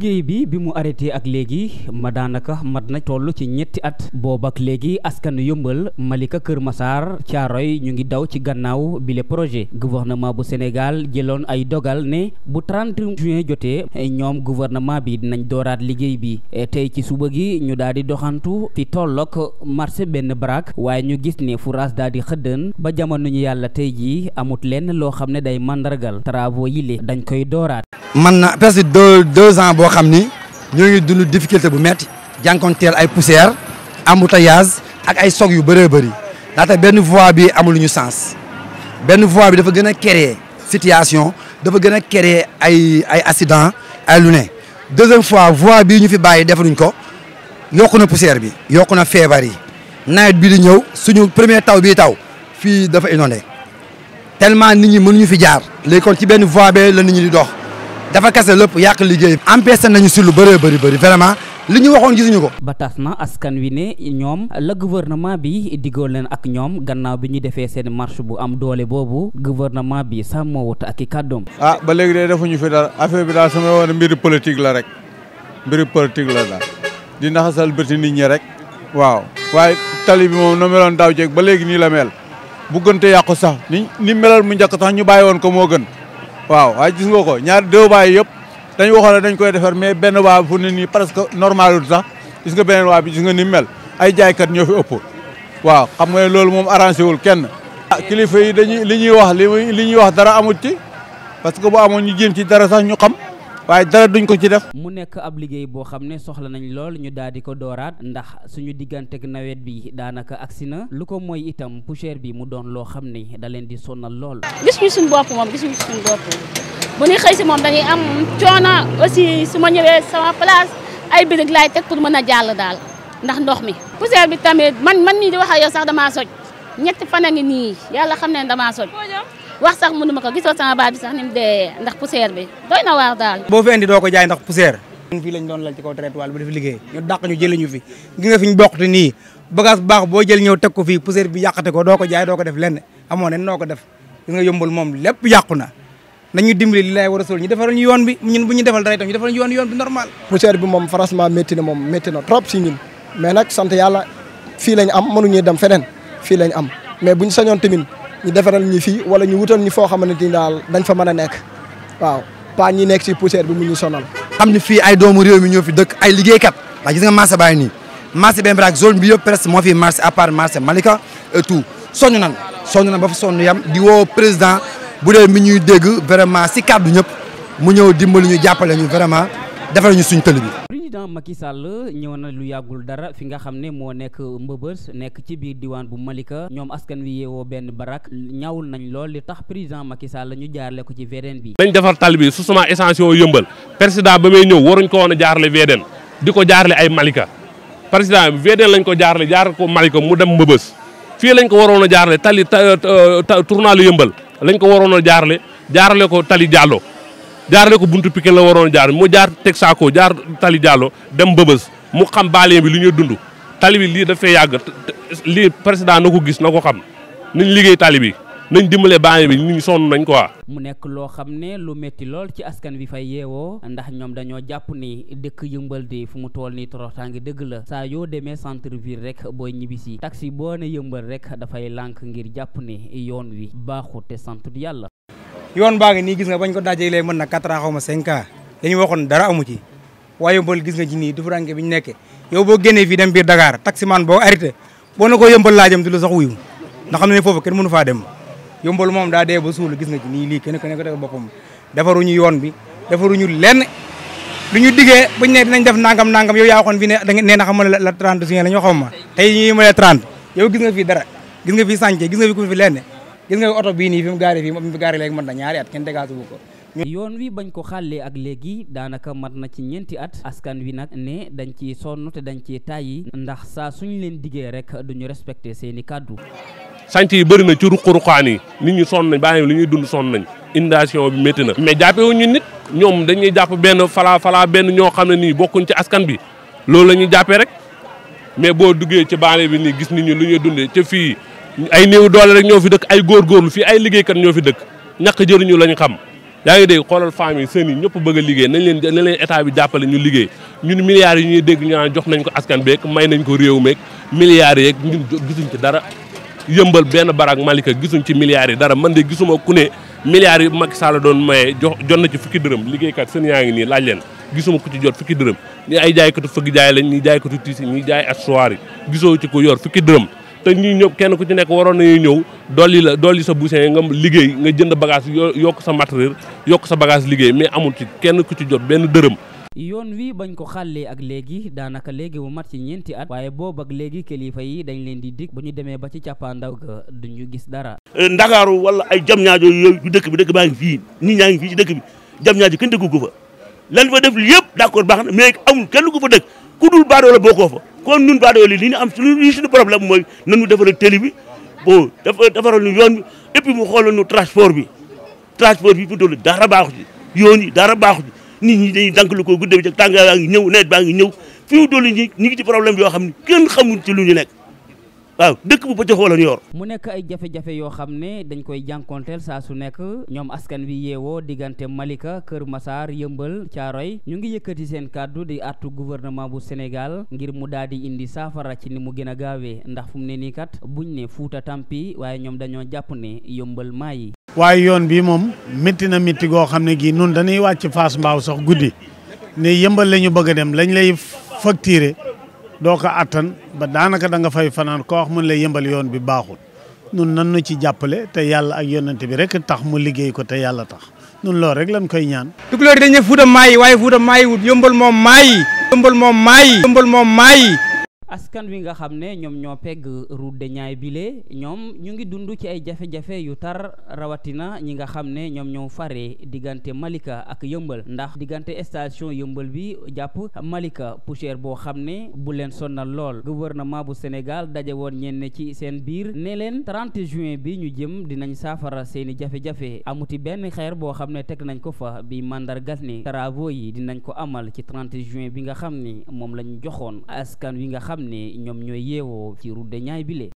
liggéey bi bi mu arrêté ak léegi ma daanaka mat na toll ci ñetti at booba ak léegi askan yombal Malika Kër Massar Thiaroy ñu ngi daw ci gannaaw bile projet gouvernement bu Sénégal jëloon ay dogal ne bu 30 juin jotee ñoom gouvernement bi dinañ dooraat liggéey bi e, tey ci suba gi ñu daal di doxantu fi tollook marché benn baraak waaye ñu gis ne fourage daal di xëddën ba jamono ñu yàlla tey jii amut lenn loo xam ne day màndargal travaux yi dañ koy dooraat. xam ni ñoo ngi dund difficulté bu metti jànkonteel ay poussière embouteillage ak ay sog yu bëree bëri ndaxte benn vois bi amul ñu sens benn vois bi dafa gën a créer situation dafa gën a créer ay ay accident ay lu ne deuxième fois vois bii ñu fi bàyyi defaluñ ko yokku na poussière bi yokku na feebar yi nawet bi di ñëw suñu premier taw bi taw fii dafa inondé tellement nit ñi mënuñu fi jaar léegi kon ci benn vois bee la nit ñi di dox dafa kase lépp yàq liggéey empêché nañu si lu bëree bëri bëri vraiment li ñu waxoon gisuñu ko ba tax na askan wi ne ñoom la gouvernement bi digoo leen ak ñoom gannaaw bi ñu defee seen marche bu am doole boobu gouvernement bi sàmmoowut ak i kàddoom ah ba léegi de defuñu fi daal affaire bi daal sama woon mbiru politique la rek mbiru politique la daal di naxasal bëti nit ñi rek waaw waaye tali bi moom na meloon daaw jeeg ba léegi nii la mel bu gënte yàqu sax ni ni melal mu njëkk ñu bàyyi woon ko moo gën waaw waaye gis nga ko ñaar deux baay yëpp dañu waxoon ne dañ koy defar mais benn waa fu ne nii presque normal sax gis nga beneen waa bi gis nga ni mel ay jaaykat ñoo fi ëpp waaw xam nga loolu moom arrangé wul kenn ah, kilifa yi dañuy li ñuy wax li ñuy wax dara amut ci parce que boo amoon ñu jéem ci dara sax ñu xam waaye dara duñ ko ci def. mu nekk ab liggéey boo xam ne soxla nañ lool ñu daal di ko dooraat ndax suñu digganteeg nawet bi daanaka agsi na lu ko mooy itam poussière bi mu doon loo xam ne da leen di sonal lool. gis ñu suñu bopp moom gis ñu suñu bopp bu ñuy xëy si moom dañuy am coono aussi su ma ñëwee sama place ay birig laay teg pour mën a jàll daal ndax ndox mi. poussière bi tamit man man nii di wax ak sax damaa soj ñetti fan a ngi nii yàlla xam ne damaa soj. wax sax mënu ma ko gisoo ni mu dee ndax poussière bi doy na waar daal. boo fi indi doo ko jaay ndax poussière. fii lañ doon lal ci kaw trottoir bi dafa liggéey ñu dàq ñu jëlee ñu fi gi nga fi ñu baax boo jël ñëw teg ko fii poussière bi yàqate ko doo ko jaay doo ko def lenn amoo nen noo ko def gis nga yombal moom lépp yàqu na nañu dimbali li lay war a sol ñu defaral ñu yoon bi ñun bu ñu defal dara itam ñu yoon yoon bi normal poussière bi moom franchement métti na moom métti na trop si ñun mais nag sant yàlla fii lañ am mënuñuy dem feneen fii lañ am mais buñ sañoon tamit ñu defaral ñu fii wala ñu wutal ñu foo xamante ni daal dañ fa mën a nekk waaw pas ñi nekk si poussière bi mu ñu sonal. xam ni fii ay doomu réew mi ñoo fi dëkk ay liggéeykat ndax gis nga marché baa ngi nii marché Bembey ak zone bi yëpp presque moo fi marché à part marché Malika et tout sonn nan sonn nan ba fa sonn yam di woo président bu dee mi ñuy dégg vraiment si kàddu ñëpp mu ñëw dimbali ñu jàppale ñu vraiment defal ñu suñ tëli bi. président Macky Sall ñëw na lu yàggul dara fi nga xam ne moo nekk Mbëbës nekk ci biir diwaan bu Malika ñoom askan wi yeewoo benn barak ñaawul nañ lool li tax président Macky Sall ñu jaarale ko ci VDN bi. dañ defar tali bi su sama essence yoo yëmbal président ba may ñëw waruñ ko woon a jaarale VDN di ko jaarale ay Malika président VDN lañ ko jaarale jaar ko Malika mu dem Mbëbës fii lañ ko waroon a jaarale tali tournalu yëmbal lañ ko waroon a jaarale ko tali Diallo. jaarale ko buntu Pikine la waroon jaar mu jaar teg saako jaar tali Diallo dem Mbëbës mu xam baaleen bi lu ñuy dund tali bi lii dafay yàgg lii président na ko gis na ko xam nañ liggéey tali bi nañ dimbale baaleen bi nit ñi sonn nañ quoi. mu nekk loo xam ne lu métti lool ci askan wi fay yeewoo ndax ñoom dañoo jàpp ni dëkk yëmbal di fu mu tool nii toroxtaange dëgg la saa yoo demee centre ville rek booy ñibbisi taxi boo ne yëmbal rek dafay lànk ngir jàpp ni yoon wi baaxut te sant yàlla. yoon baa ngi nii gis nga bañ ko dajee léegi mën na 4 ans xaw ma 5 ans dañu waxoon dara amu ci waaye yëmbal gis nga ci nii dufaranke bi ñu nekkee yow boo génnee fii dem biir Dakar taximan boo arrêté boo na ko yëmbal laajam du la sax wuyu ndax xam ne foofu kenn mënu faa dem yëmbal moom daa dee ba suul gis nga ci nii lii kenn ku nekk boppam defaruñu yoon bi defaruñu lenn lu ñu diggee bañ ne dinañ def nangam nangam yow yaa waxoon fii ne nee na xamal la 30 juin la ñu xaw ma tey ñu yëmalee 30 yow gis nga fii dara gis nga fii sànce gis nga fi ku gis nga oto bii nii fi mu gaaree fii mu gaaree léegi na ñaari at kenn dégage bu ko. yoon wi bañ ko xalee ak léegi daanaka mat na ci ñeenti at askan wi nag ne dañ ciy sonn te dañ ciy tàyyi ndax saa suñu leen diggee rek duñu respecté seen i kàddu. sànc yi bëri na ci ruq-ruqaan yi nit ñu sonn nañ bàyyi li ñuy dund sonn nañ inondation bi métti na. mais jàppewu ñu nit ñoom dañuy jàpp benn falaa falaa benn ñoo xam ne nii bokkuñ ci askan bi loolu la ñuy jàppee rek mais boo duggee ci baale bi nii gis nit ñi lu ñuy dundee ca ay néew doole rek ñoo fi dëkk ay góorgóorlu fii ay liggéeykat ñoo fi dëkk ñàkk jëriñu lañ xam yaa ngi dégg xoolal femmes yi seen yi ñëpp bëgg a liggéey nañ leen nañ leen état bi jàppale ñu liggéey ñun milliards yi ñuy dégg ñu naan jox nañ ko askan beeg may nañ ko réew meeg milliards yeeg gisuñ ci dara yëmbal benn barak Malika gisuñ ci milliards yi dara man de gisuma ku ne milliards yi Macky Sall doon maye jox jot na ci fukki dërëm liggéeykat seen yaa ngi nii laaj leen gisuma ku ci jot fukki dërëm ñi ay jaaykatu fëgg jaay lañ ñi jaaykatu tiisi ñi jaay accessoire yi gisoo ci ko yor fukki dërëm te ñuy ñëw kenn ku ci nekk waroon na nañuy ñëw dolli la dolli sa busin nga liggéey nga jënd bagage yokk sa matériel yokk sa bagage liggéey mais amul ci kenn ku ci jot benn dërëm. yoon wi bañ ko xàllee ak léegi daanaka léegi mu mat ci at waaye boobu ak léegi kilifa yi dañ leen di dig bu ñu demee ba ci càppaandaw ga duñu gis dara. Euh, ndakaaru wala ay jam ñaajo yooyu dëkk bi dëkk baa fii nit ñaa ngi fii ci dëkk bi jam ñaajo kenn dëkku ko fa lan fa def yëpp d'accord baax na mais amul kenn ku fa dëkk ku dul baadoo la bokkoo fa kon ñun baadoole li ñu am li suñu problème mooy nañu defaral télé bi bon dafa defaral ñu yoon bi et puis mu xoolal nu transport bi transport bi fu mu dara baaxu ci yoon yi dara baax ci nit ñi dañuy dankalu ko gudde bi tàngaay baa ngi ñëw nawet baa ngi ñëw fi mu toll nii ñu ngi ci problème yoo xam ne kenn xamul ci lu ñu nekk waaw dëkk bu pëcc xoolal ñu mu nekk ay jafe-jafe yoo xam ne dañ koy jànkonteel saa su nekk ñoom askan wi yeewoo diggante Malika Kër masaar Yëmbal Caaroy ñu ngi yëkkati seen kàddu di artu gouvernement bu senegal ngir mu daal di indi saafara ci ni mu gën a gaawee ndax fu mu ne nii kat buñ ne Fuuta Tampi waaye ñoom dañoo jàpp ne Yëmbal maa yi. waaye yoon bi moom métti na métti goo xam ne gii nun dañuy wàcc Fass Mbaaw sax guddi ne Yëmbal la ñu bëgg a dem lañ lay doo ko attan ba daanaka da nga fay fanaan koo wax mun lay yëmbal yoon bi baaxul nun nan nu ci jàppale te yàlla ak yonante bi rek tax mu liggéey ko te yàlla tax nun loolu rek lan koy ñaan tukulóor yi dañ ne fuuta maayi waaye fuuta maayi wut yëmbal moom maayi yëmbal moom maayi yëmbal moom maayi askan wi nga xam ne ñoom ñoo pegg route de Niayes bile ñoom ñu ngi dund ci ay jafe-jafe yu tar rawatina ñi nga xam ne ñoom ñoo fare diggante Malika ak yëmbal ndax diggante station yëmbal bi jàpp Malika poussière boo xam ne bu leen sonnal lool gouvernement bu Sénégal daje woon ñenn ci seen biir ne leen juin bi ñu jëm dinañ saafara seeni jafe-jafe amuti benn xeer boo xam ne teg nañ ko fa bi mandargal ne travaux yi dinañ ko amal ci 30 juin bi nga xam ni ne ñoom ñooy yeewoo ci route de Niayes bi